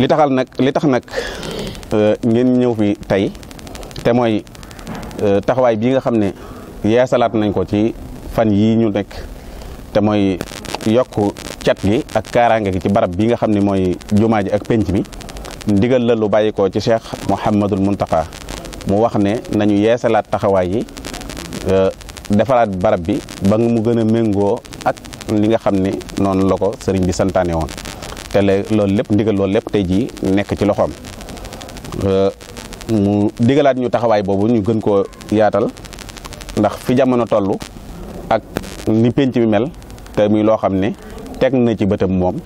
li taxal nag li tax nag euh, ngeen ñëw fi tey te mooy euh, taxawaay bii nga xam ne yeesalaat nañ ko ci fan yii ñu nekk te mooy yokk cat gi ak kaaraange gi ci barab bi nga xam ni mooy jumaa ji ak penc mi ndigal la lu bàyyi ko ci Cheikh mun Mountakha mu wax ne nañu yeesalaat taxawaay yi euh, defaraat barab bi ba mu gën a méngoo ak li nga xam ne noonu la ko sëriñ bi santaane woon te loolu lépp ndigal loolu lépp tey jii nekk ci loxoom euh, mu digalaat ñu taxawaay boobu ñu gën koo yaatal ndax fi jamono toll ak ni penc mi mel te muy loo xam ne teg na ci bëtam moom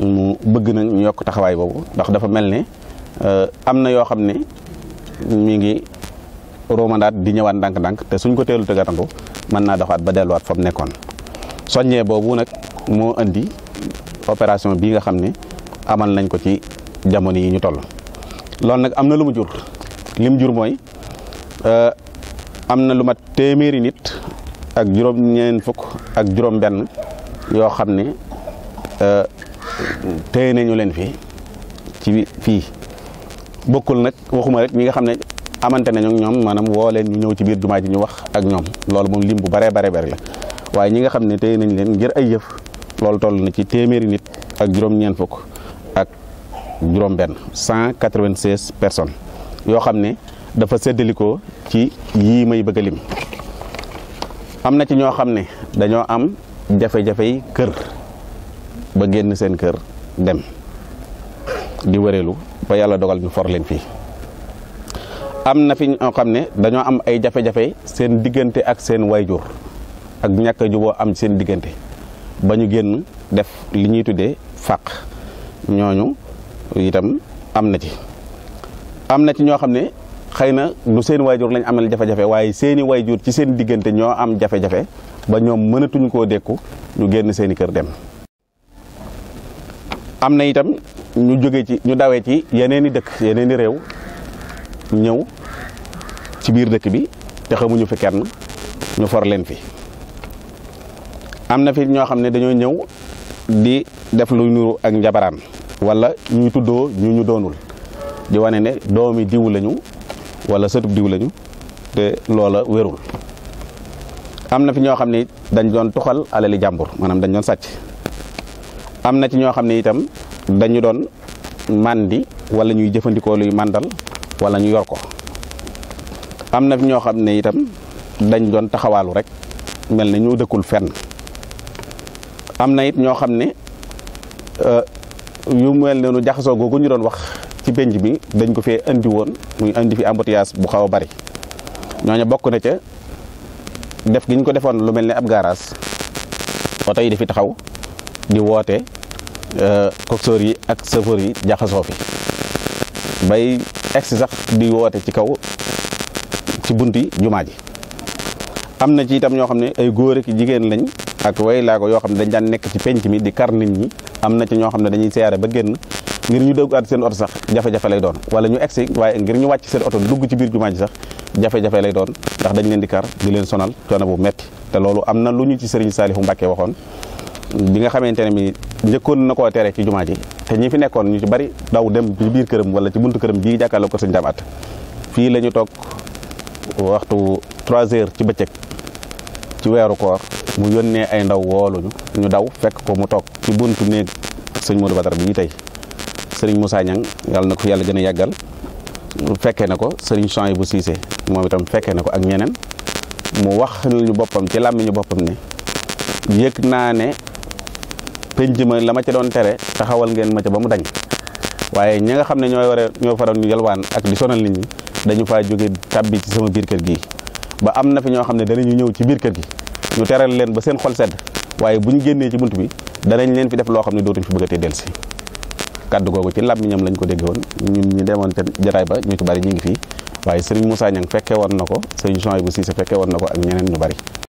mu bëgg na ñu yokk taxawaay boobu ndax dafa mel ne euh, am na yoo xam ne mu ngi romandaat di ñëwaat ndànk-ndànk te suñ ko teelu tëggatandu mën naa doxaat ba delluwaat fa mu nekkoon soññee boobu nag moo indi opération bii nga xam ne amal nañ ko ci jamono yi ñu toll loolu nag am na lu mu jur lim jur mooy euh, am na lu mat téeméeri nit ak juróom fukk ak juróom yoo xam ne euh, téye nañu leen fii ci fii bokkul nag waxuma rek ñi nga xam ne amante nañu ak ñoom maanaam woo leen ñu ñëw ci biir jumaa ji ñu wax ak ñoom loolu moom lim bu baree baree bari la waaye ñi nga xam ne téye nañ leen ngir ay yëf loolu toll na ci téeméeri nit ak juróom-ñeent fukk ak juróom-benn cent quatre personnes yoo xam ne dafa séddalikoo ci yii may bëgg am na ci ñoo xam ne dañoo am jafe-jafey kër ba génn seen kër dem di wëreelu ba yàlla dogal ñu for leen fii am na fi ñoo xam ne dañoo am ay jafe-jafe seen diggante ak seen waajur ak ñàkk juboo am seen diggante ba ñu génn def li ñuy tuddee fàq ñooñu itam am na ci am na ci ñoo xam ne xëy na du seen waajur lañ amal jafe-jafe waaye seeni waajur ci seen diggante ñoo am jafe-jafe ba ñoom mënatuñ koo dékku ñu génn seeni kër dem am na itam ñu jóge ci ñu dawee ci yeneeni dëkk yeneeni réew ñëw ci biir dëkk bi te xamuñu fi kenn ñu for leen fi am na fi ñoo xam ne dañoo ñëw di def lu nuru ak njabaraan walla ñuy tuddoo ñu ñu doonul di wane ne doomi diw lañu wala sëtub diw lañu te loola wérul am na fi ñoo xam ne dañ doon toxal alali jàmbur maanaam dañ doon sàcc am na ci ñoo xam ne itam dañu doon màndi wala ñuy jëfandikoo luy màndal wala ñu yor ko am na fi ñoo xam ne itam dañ doon taxawaalu rek mel na ñu dëkkul fenn am na it ñoo xam ne euh, yu mel noonu jaxasoo googu ñu doon wax ci penc bi dañ ko fee indi woon muy andi fi embouteillage bu xaw a bari ñooñu bokk na ca def gi ñu ko defoon lu mel ne ab garas oto yi dafi taxaw di woote euh, coxeur yi ak chauffeur yi jaxasoo fi bay egsi sax di woote ci kaw ci bunti jumaa ji am na ci itam ñoo xam ne ay góor ak jigéen lañ ak way laa ko yoo xam ne dañ daan nekk ci penc mi di kar nit ñi am na ci ñoo xam ne dañuy siyaare ba génn ngir ñu duggaat seen oto sax jafe-jafe lay doon wala ñu egsi waaye ngir ñu wàcc seen oto dugg ci biir jumaa ji sax jafe-jafe lay doon ndax dañ leen di kar di leen sonal coono bu metti te loolu am na lu ñu ci sëriñ Saalihu Mbàkke waxoon bi nga xamante ne mi njëkkoon na koo tere ci jumaa ji te ñi fi nekkoon ñu ci bari daw dem ci biir këram wala ci buntu këram bii jàkkaarloo ko sëñ Daam fii la ñu toog waxtu 3 heures ci bëccëg ci weeru koor mu yónnee ay ndaw wooluñu ñu daw fekk ko mu toog ci buntu néeg sëñ Modou Badara bii tey sëriñ Moussa Niang yàlla na ko fi yàlla gën a yàggal fekkee na ko sëriñ yi bu Cissé moom itam fekkee na ko ak ñeneen mu wax ñu boppam ci làmmiñu boppam ne yëg naa ne penc ma la ma ca doon tere taxawal ngeen ma ca ba mu dañ waaye ñi nga xam ne ñooy war ñoo faral ñu yalwaan ak di sonal nit ñi dañu faa jóge tàbbi ci sama biir kër gii ba am na fi ñoo xam ne danañu ñëw ci biir kër gi ñu teral leen ba seen xol sedd waaye bu ñu génnee ci bunt bi danañ leen fi def loo xam ne dootuñ fi bëggatee delsi kaddu googu ci làmmiñam lañ ko dégg woon ñun ñu demoon ca jataay ba ñu ci bari ñu ngi fii waaye sëriñ Moussa Niang fekkee woon na ko sëriñ Jean bu Cissé fekke woon na ko ak ñeneen ñu bari